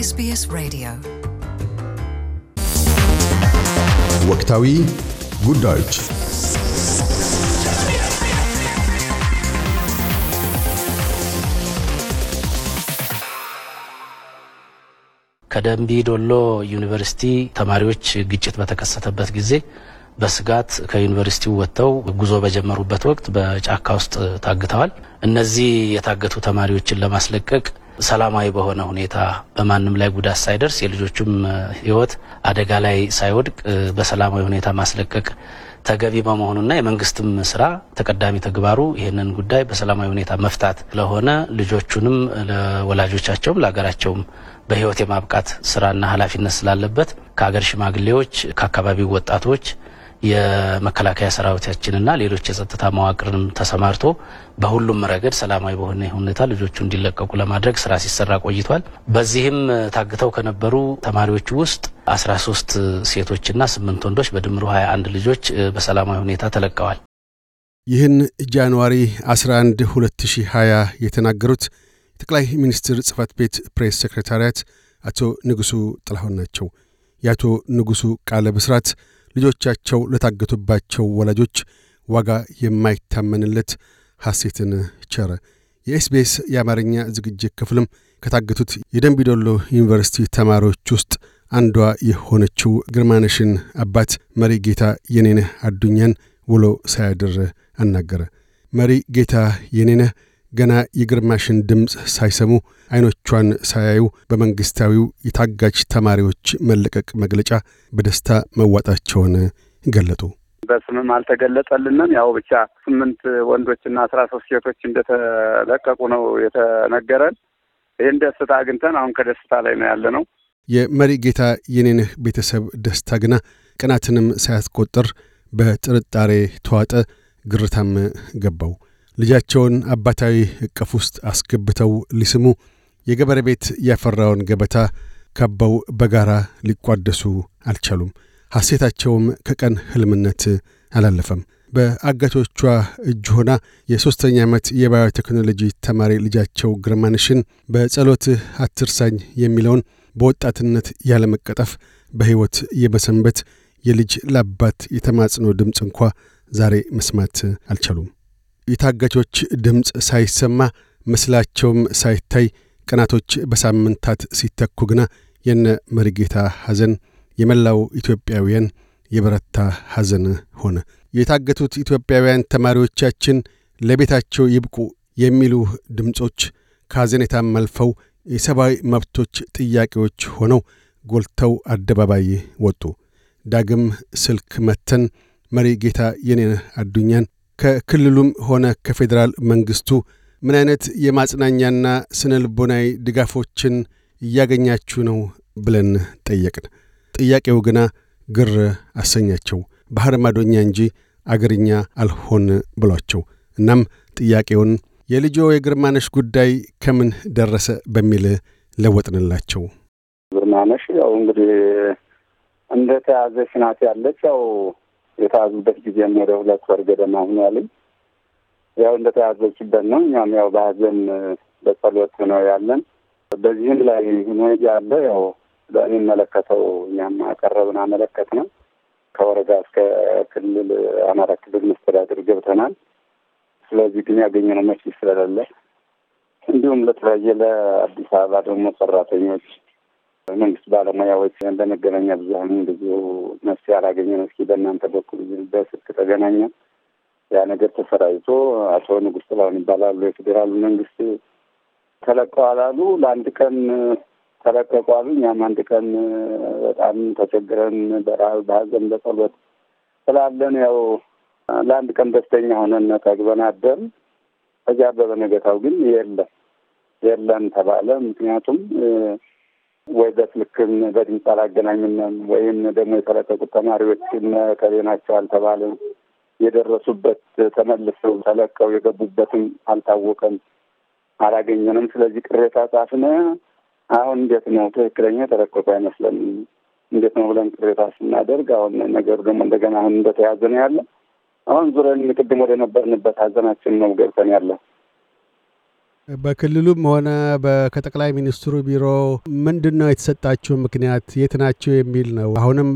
ኤስቢኤስ Radio. ወቅታዊ ጉዳዮች ከደንቢ ዶሎ ዩኒቨርሲቲ ተማሪዎች ግጭት በተከሰተበት ጊዜ በስጋት ከዩኒቨርሲቲው ወጥተው ጉዞ በጀመሩበት ወቅት በጫካ ውስጥ ታግተዋል። እነዚህ የታገቱ ተማሪዎችን ለማስለቀቅ ሰላማዊ በሆነ ሁኔታ በማንም ላይ ጉዳት ሳይደርስ የልጆቹም ህይወት አደጋ ላይ ሳይወድቅ በሰላማዊ ሁኔታ ማስለቀቅ ተገቢ በመሆኑና የመንግስትም ስራ ተቀዳሚ ተግባሩ ይህንን ጉዳይ በሰላማዊ ሁኔታ መፍታት ስለሆነ ልጆቹንም ለወላጆቻቸውም ለሀገራቸውም በህይወት የማብቃት ስራና ኃላፊነት ስላለበት ከሀገር ሽማግሌዎች፣ ከአካባቢው ወጣቶች የመከላከያ ሰራዊታችንና ሌሎች የጸጥታ መዋቅርንም ተሰማርቶ በሁሉም ረገድ ሰላማዊ በሆነ ሁኔታ ልጆቹ እንዲለቀቁ ለማድረግ ስራ ሲሰራ ቆይቷል። በዚህም ታግተው ከነበሩ ተማሪዎች ውስጥ 13 ሴቶችና 8 ወንዶች በድምሩ 21 ልጆች በሰላማዊ ሁኔታ ተለቀዋል። ይህን ጃንዋሪ 11 2020 የተናገሩት የጠቅላይ ሚኒስትር ጽህፈት ቤት ፕሬስ ሴክሬታሪያት አቶ ንጉሡ ጥላሁን ናቸው። የአቶ ንጉሡ ቃለ ብስራት ልጆቻቸው ለታገቱባቸው ወላጆች ዋጋ የማይታመንለት ሐሴትን ቸረ። የኤስቢኤስ የአማርኛ ዝግጅት ክፍልም ከታገቱት የደንቢዶሎ ዩኒቨርሲቲ ተማሪዎች ውስጥ አንዷ የሆነችው ግርማነሽን አባት መሪ ጌታ የኔነህ አዱኛን ውሎ ሳያድር አናገረ። መሪ ጌታ የኔነህ ገና የግርማሽን ድምፅ ሳይሰሙ አይኖቿን ሳያዩ በመንግሥታዊው የታጋጅ ተማሪዎች መለቀቅ መግለጫ በደስታ መዋጣቸውን ገለጡ። በስምም አልተገለጸልንም። ያው ብቻ ስምንት ወንዶችና አስራ ሶስት ሴቶች እንደተለቀቁ ነው የተነገረን። ይህን ደስታ አግኝተን አሁን ከደስታ ላይ ነው ያለ ነው። የመሪ ጌታ የኔንህ ቤተሰብ ደስታ ግና ቀናትንም ሳያስቆጥር በጥርጣሬ ተዋጠ፣ ግርታም ገባው። ልጃቸውን አባታዊ እቅፍ ውስጥ አስገብተው ሊስሙ የገበረ ቤት ያፈራውን ገበታ ከበው በጋራ ሊቋደሱ አልቻሉም። ሐሴታቸውም ከቀን ህልምነት አላለፈም። በአጋቶቿ እጅ ሆና የሦስተኛ ዓመት የባዮቴክኖሎጂ ተማሪ ልጃቸው ግርማንሽን በጸሎት አትርሳኝ የሚለውን በወጣትነት ያለመቀጠፍ በሕይወት የመሰንበት የልጅ ላባት የተማጽኖ ድምፅ እንኳ ዛሬ መስማት አልቻሉም። የታጋቾች ድምፅ ሳይሰማ ምስላቸውም ሳይታይ ቀናቶች በሳምንታት ሲተኩ ግና የነ መሪጌታ ሐዘን የመላው ኢትዮጵያውያን የበረታ ሐዘን ሆነ። የታገቱት ኢትዮጵያውያን ተማሪዎቻችን ለቤታቸው ይብቁ የሚሉ ድምፆች ከሐዘኔታም አልፈው የሰብአዊ መብቶች ጥያቄዎች ሆነው ጎልተው አደባባይ ወጡ። ዳግም ስልክ መተን መሪ ጌታ የኔነህ አዱኛን ከክልሉም ሆነ ከፌዴራል መንግስቱ ምን አይነት የማጽናኛና ስነ ልቦናዊ ድጋፎችን እያገኛችሁ ነው ብለን ጠየቅን። ጥያቄው ግና ግር አሰኛቸው። ባህር ማዶኛ እንጂ አገርኛ አልሆን ብሏቸው። እናም ጥያቄውን የልጆ የግርማነሽ ጉዳይ ከምን ደረሰ በሚል ለወጥንላቸው። ግርማነሽ ያው እንግዲህ እንደ ናት ያለች ያው የተያዙበት ጊዜም ወደ ሁለት ወር ገደማ ያለኝ ያው እንደተያዘችበት ነው። እኛም ያው በሀዘን በጸሎት ነው ያለን። በዚህም ላይ ሆኖ ያለ ያው የሚመለከተው እኛም አቀረብን፣ አመለከት ነው። ከወረዳ እስከ ክልል አማራ ክልል መስተዳድር ገብተናል። ስለዚህ ግን ያገኘነው መች ስለሌለ እንዲሁም ለተለያየ ለአዲስ አበባ ደግሞ ሰራተኞች መንግስት ባለሙያዎች በመገናኛ ብዙሀን ብዙ መፍትሄ አላገኘም። እስኪ በእናንተ በኩል በስልክ ተገናኘ ያ ነገር ተሰራይቶ አቶ ንጉስ ጥላሁን ይባላሉ የፌዴራሉ መንግስት ተለቀዋል አሉ። ለአንድ ቀን ተለቀቁ አሉ። እኛም አንድ ቀን በጣም ተቸግረን በረሀብ በሀዘን በጸሎት ስላለን ያው ለአንድ ቀን ደስተኛ ሆነን ነጠግበን አደር። እዚያ በበነገታው ግን የለም የለም ተባለ። ምክንያቱም ወይ በስልክም በድምፅ አላገናኝንም ወይም ደግሞ የተለቀቁት ተማሪዎችም ከሌ ናቸው አልተባለም። የደረሱበት ተመልሰው ተለቀው የገቡበትም አልታወቀም፣ አላገኘንም። ስለዚህ ቅሬታ ጻፍነ አሁን እንዴት ነው ትክክለኛ የተለቀቁ አይመስለንም። እንዴት ነው ብለን ቅሬታ ስናደርግ አሁን ነገሩ ደግሞ እንደገና አሁን እንደተያዘ ነው ያለ። አሁን ዙረን ቅድም ወደ ነበርንበት ሀዘናችን ነው ገብተን ያለው። በክልሉም ሆነ ከጠቅላይ ሚኒስትሩ ቢሮ ምንድን ነው የተሰጣችሁ ምክንያት? የት ናቸው የሚል ነው? አሁንም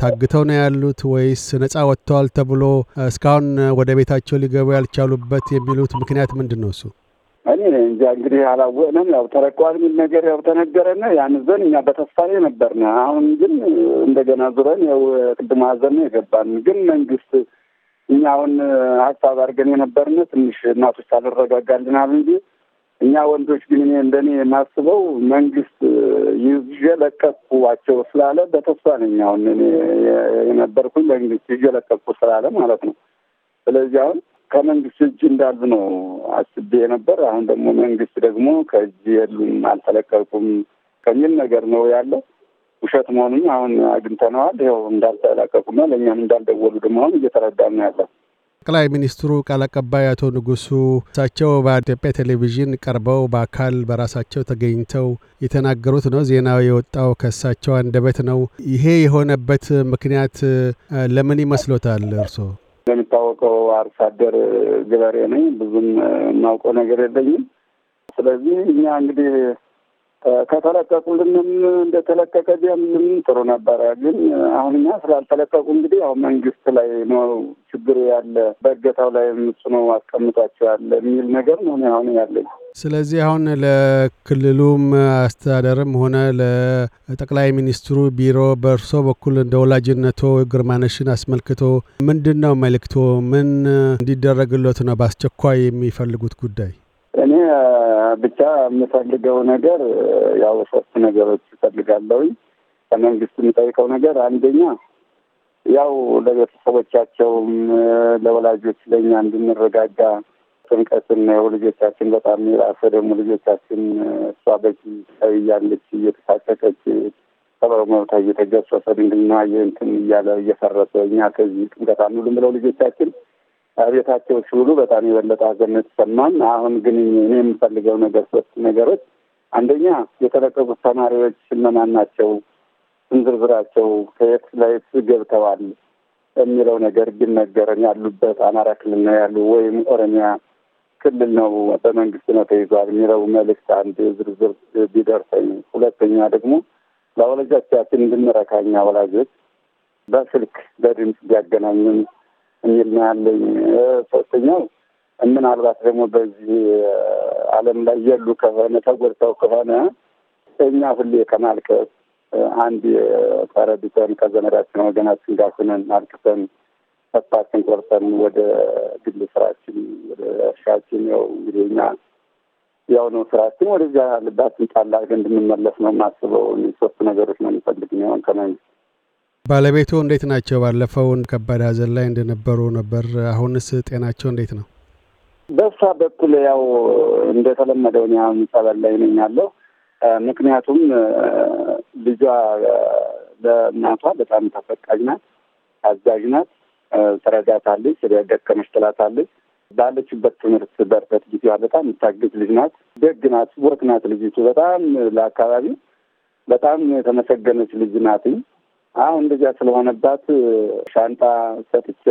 ታግተው ነው ያሉት ወይስ ነጻ ወጥተዋል ተብሎ እስካሁን ወደ ቤታቸው ሊገቡ ያልቻሉበት የሚሉት ምክንያት ምንድን ነው? እሱ እኔ እንጃ እንግዲህ አላወቅንም። ያው ተረቋል የሚል ነገር ያው ተነገረን። ያን ዘን እኛ በተስፋ ላይ ነበርን። አሁን ግን እንደገና ዙረን ያው ቅድመ ሐዘን ነው የገባን። ግን መንግስት እኛ አሁን ሀሳብ አድርገን የነበርን ትንሽ እናቶች አልረጋጋልናል እንጂ እኛ ወንዶች ግን እኔ እንደኔ የማስበው መንግስት ይዤ ስላለ በተስፋ ነኝ። አሁን እኔ የነበርኩኝ መንግስት ይዤ ስላለ ማለት ነው። ስለዚህ አሁን ከመንግስት እጅ እንዳሉ ነው አስቤ የነበር። አሁን ደግሞ መንግስት ደግሞ ከእጅ የሉም አልተለቀቁም ከሚል ነገር ነው ያለው። ውሸት መሆኑም አሁን አግኝተነዋል። ይኸው እንዳልተለቀቁና ለእኛም እንዳልደወሉ ደግሞ አሁን እየተረዳን ነው ያለው። ጠቅላይ ሚኒስትሩ ቃል አቀባይ አቶ ንጉሱ እሳቸው በኢትዮጵያ ቴሌቪዥን ቀርበው በአካል በራሳቸው ተገኝተው የተናገሩት ነው። ዜናው የወጣው ከእሳቸው አንደበት ነው። ይሄ የሆነበት ምክንያት ለምን ይመስሎታል እርስዎ? እንደሚታወቀው አርሶ አደር ገበሬ ነኝ። ብዙም የማውቀው ነገር የለኝም። ስለዚህ እኛ እንግዲህ ከተለቀቁልንም እንደተለቀቀ ቢሆንም ጥሩ ነበረ። ግን አሁን እኛ ስላልተለቀቁ እንግዲህ ያው መንግስት ላይ ነው ችግሩ ያለ፣ በእገታው ላይ እሱ ነው አስቀምጧቸው ያለ የሚል ነገር ነው አሁን ያለኝ። ስለዚህ አሁን ለክልሉም አስተዳደርም ሆነ ለጠቅላይ ሚኒስትሩ ቢሮ በእርሶ በኩል እንደ ወላጅነቶ ግርማነሽን አስመልክቶ ምንድን ነው መልእክቶ? ምን እንዲደረግሎት ነው በአስቸኳይ የሚፈልጉት ጉዳይ? ብቻ የምፈልገው ነገር ያው ሶስት ነገሮች እፈልጋለሁኝ። ከመንግስት የምጠይቀው ነገር አንደኛ ያው ለቤተሰቦቻቸውም ለወላጆች ለእኛ እንድንረጋጋ ጭንቀትን ው ልጆቻችን በጣም የራሰ ደግሞ ልጆቻችን እሷ በቂ እያለች እየተሳቀቀች ሰብአዊ መብቷ እየተገሰሰ ድንግልና እንትን እያለ እየፈረሰ እኛ ከዚህ ጥንቀት አንውልም ብለው ልጆቻችን ቤታቸው ሲውሉ በጣም የበለጠ ሀዘን ተሰማን። አሁን ግን እኔ የምፈልገው ነገር ሶስት ነገሮች፣ አንደኛ የተለቀቁት ተማሪዎች ሽመና ናቸው፣ ስንዝርዝራቸው ከየት ለየት ገብተዋል የሚለው ነገር ቢነገረን። ያሉበት አማራ ክልል ነው ያሉ ወይም ኦሮሚያ ክልል ነው በመንግስት ነው ተይዟል የሚለው መልእክት አንድ ዝርዝር ቢደርሰኝ። ሁለተኛ ደግሞ ለወላጆቻችን እንድንረካኛ ወላጆች በስልክ በድምፅ ቢያገናኙን የሚል ነው ያለኝ። ሶስተኛው ምናልባት ደግሞ በዚህ ዓለም ላይ የሉ ከሆነ ተጎድተው ከሆነ እኛ ሁሌ ከማልቀስ አንድ ተረድተን ከዘመዳችን ወገናችን ጋር ሁነን አልቅሰን ተስፋችን ቆርጠን ወደ ግል ስራችን ወደ እርሻችን ያው እንግዲህ እኛ ያው ነው ስራችን ወደዚያ ልባችን ጣል አድርገን እንድንመለስ ነው የማስበው። ሶስት ነገሮች ነው የሚፈልግ ሆን ከመንግስት ባለቤቱ እንዴት ናቸው? ባለፈው ከባድ ሐዘን ላይ እንደነበሩ ነበር። አሁንስ ጤናቸው እንዴት ነው? በእሷ በኩል ያው እንደተለመደው እኔ ጸበል ላይ ነኝ ያለው። ምክንያቱም ልጇ ለእናቷ በጣም ተፈቃጅ ናት፣ አዛዥ ናት፣ ትረዳታለች፣ ደከመች ትላታለች። ባለችበት ትምህርት በርበት ጊዜዋ በጣም የምታግዝ ልጅ ናት፣ ደግ ናት፣ ወርቅ ናት። ልጅቱ በጣም ለአካባቢ በጣም የተመሰገነች ልጅ ናትኝ አሁን እንደዚያ ስለሆነባት ሻንጣ ሰጥቼ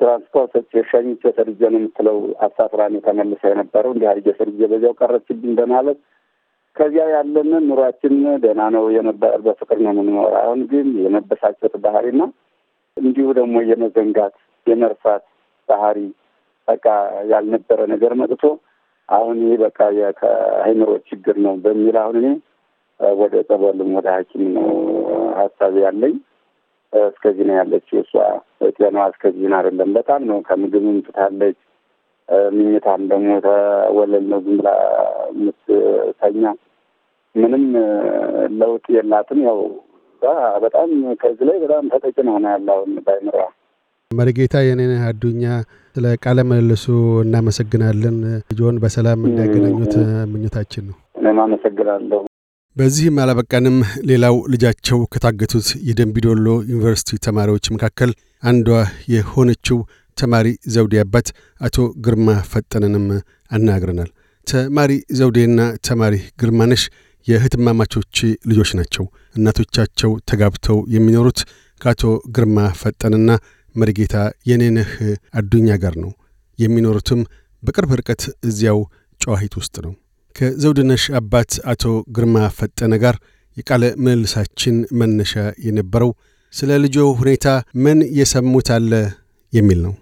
ትራንስፖርት ሰጥቼ ሸኝቼ ሰርጄ ነው የምትለው አሳፍራን የተመልሰ የነበረው እንዲህ አድርጌ ሰርጄ በዚያው ቀረችብኝ በማለት ከዚያ ያለን ኑሯችን ደህና ነው የነበር በፍቅር ነው የምንኖር። አሁን ግን የመበሳጨት ባህሪና እንዲሁ ደግሞ የመዘንጋት የመርሳት ባህሪ በቃ ያልነበረ ነገር መጥቶ አሁን ይህ በቃ ከአይምሮ ችግር ነው በሚል አሁን እኔ ወደ ጸበልም ወደ ሐኪም ነው ሀሳብ ያለኝ እስከዚህ ነው ያለችው። እሷ እስከዚህ ነው አይደለም። በጣም ነው ከምግብ ምጥታለች። ምኝታም ደግሞ ተወለል ነው ዝም ብላ የምትተኛ ምንም ለውጥ የላትም። ያው በጣም ከዚህ ላይ በጣም ተጠቂ ሆነ ያለ አሁን ባይምራ መሪጌታ የኔን አዱኛ ስለ ቃለ ምልልሱ እናመሰግናለን። ጆን በሰላም እንዲያገናኙት ምኞታችን ነው። እኔም አመሰግናለሁ። በዚህም አላበቃንም። ሌላው ልጃቸው ከታገቱት የደንቢዶሎ ዩኒቨርሲቲ ተማሪዎች መካከል አንዷ የሆነችው ተማሪ ዘውዴ አባት አቶ ግርማ ፈጠነንም አናግረናል ተማሪ ዘውዴና ተማሪ ግርማነሽ የህትማማቾች ልጆች ናቸው። እናቶቻቸው ተጋብተው የሚኖሩት ከአቶ ግርማ ፈጠንና መሪጌታ የኔነህ አዱኛ ጋር ነው። የሚኖሩትም በቅርብ ርቀት እዚያው ጨዋሂት ውስጥ ነው። ከዘውድነሽ አባት አቶ ግርማ ፈጠነ ጋር የቃለ ምልልሳችን መነሻ የነበረው ስለ ልጆ ሁኔታ ምን የሰሙት አለ የሚል ነው።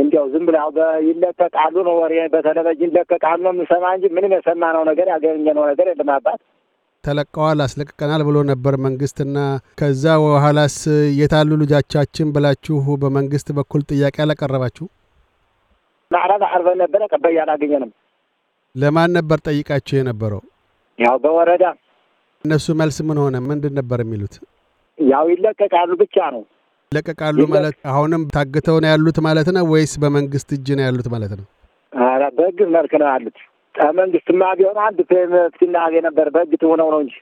እንዲያው ዝም ብለው ይለቀቃሉ ነው ወሬ በቴሌቪዥን ይለቀቃሉ ነው የምሰማ እንጂ ምንም የሰማነው ነገር ያገኘነው ነገር የለም። አባት ተለቀዋል፣ አስለቅቀናል ብሎ ነበር መንግስትና። ከዛ በኋላስ የታሉ ልጆቻችን ብላችሁ በመንግስት በኩል ጥያቄ አላቀረባችሁ? ማዕረብ አቅርበን ነበረ፣ ቀበያ አላገኘንም። ለማን ነበር ጠይቃቸው የነበረው? ያው በወረዳ እነሱ መልስ ምን ሆነ? ምንድን ነበር የሚሉት? ያው ይለቀቃሉ ብቻ ነው። ይለቀቃሉ ማለት አሁንም ታግተው ነው ያሉት ማለት ነው ወይስ በመንግስት እጅ ነው ያሉት ማለት ነው? ኧረ በህግ መልክ ነው ያሉት። መንግስትማ ቢሆን አንድ ፍትናገ ነበር። በህግ ትሆነው ነው እንጂ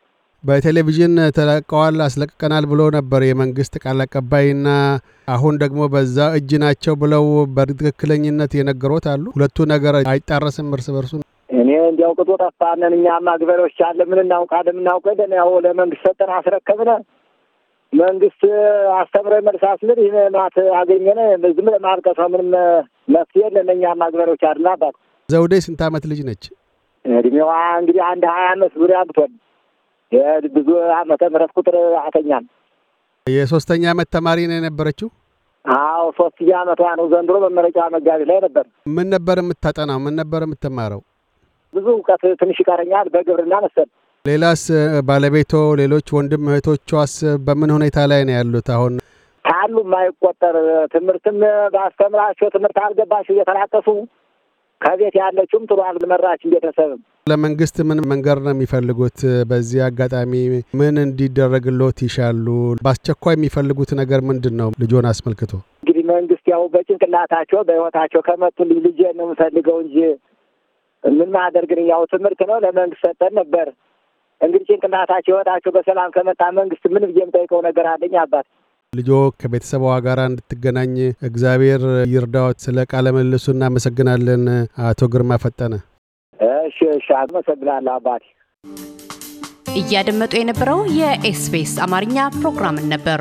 በቴሌቪዥን ተለቀዋል አስለቅቀናል ብሎ ነበር የመንግስት ቃል አቀባይና አሁን ደግሞ በዛ እጅ ናቸው ብለው በትክክለኝነት የነገሮት አሉ። ሁለቱ ነገር አይጣረስም እርስ በርሱ እንዲያው ቅጡ ጠፋነን። እኛም አግበሮች አለ ምን እናውቃለን? ደን ያው ለመንግስት ሰጠን አስረከብነ። መንግስት አስተምሮ መልሳት ምን ይህ ማት አገኘነ። ዝም ለማልቀሷ ምንም መፍትሄ የለን። እኛም አግበሮች አድና አባት ዘውዴ ስንት አመት ልጅ ነች? እድሜዋ እንግዲህ አንድ ሀያ አመት ዙሪያ ብትሆን ብዙ አመተ ምህረት ቁጥር አተኛም የሶስተኛ አመት ተማሪ ነው የነበረችው። አዎ ሶስተኛ አመቷ ነው ዘንድሮ መመረቂያ መጋቢት ላይ ነበር። ምን ነበር የምታጠናው? ምን ነበር የምትማረው? ብዙ እውቀት ትንሽ ይቀረኛል በግብርና መሰል። ሌላስ ባለቤቶ፣ ሌሎች ወንድም እህቶቿስ በምን ሁኔታ ላይ ነው ያሉት አሁን? ካሉ የማይቆጠር ትምህርትም ባስተምራቸው ትምህርት አልገባሽ እየተላቀሱ ከቤት ያለችውም ጥሩ አልመራችም ቤተሰብም። ለመንግስት ምን መንገድ ነው የሚፈልጉት? በዚህ አጋጣሚ ምን እንዲደረግሎት ይሻሉ? በአስቸኳይ የሚፈልጉት ነገር ምንድን ነው? ልጆን አስመልክቶ እንግዲህ መንግስት ያው በጭንቅላታቸው በህይወታቸው ከመጡ ልጄ ነው የምፈልገው እንጂ የምናደርግን ያው ትምህርት ነው ለመንግስት ሰጠን ነበር። እንግዲህ ጭንቅላታቸው የወጣቸው በሰላም ከመጣ መንግስት ምን ብዬ የምጠይቀው ነገር አለኝ አባት ልጆ ከቤተሰቧ ጋር እንድትገናኝ እግዚአብሔር ይርዳዎት። ስለ ቃለ መልሱ እናመሰግናለን አቶ ግርማ ፈጠነ። እሺ እሺ፣ አመሰግናለሁ አባቴ። እያደመጡ የነበረው የኤስቢኤስ አማርኛ ፕሮግራምን ነበር።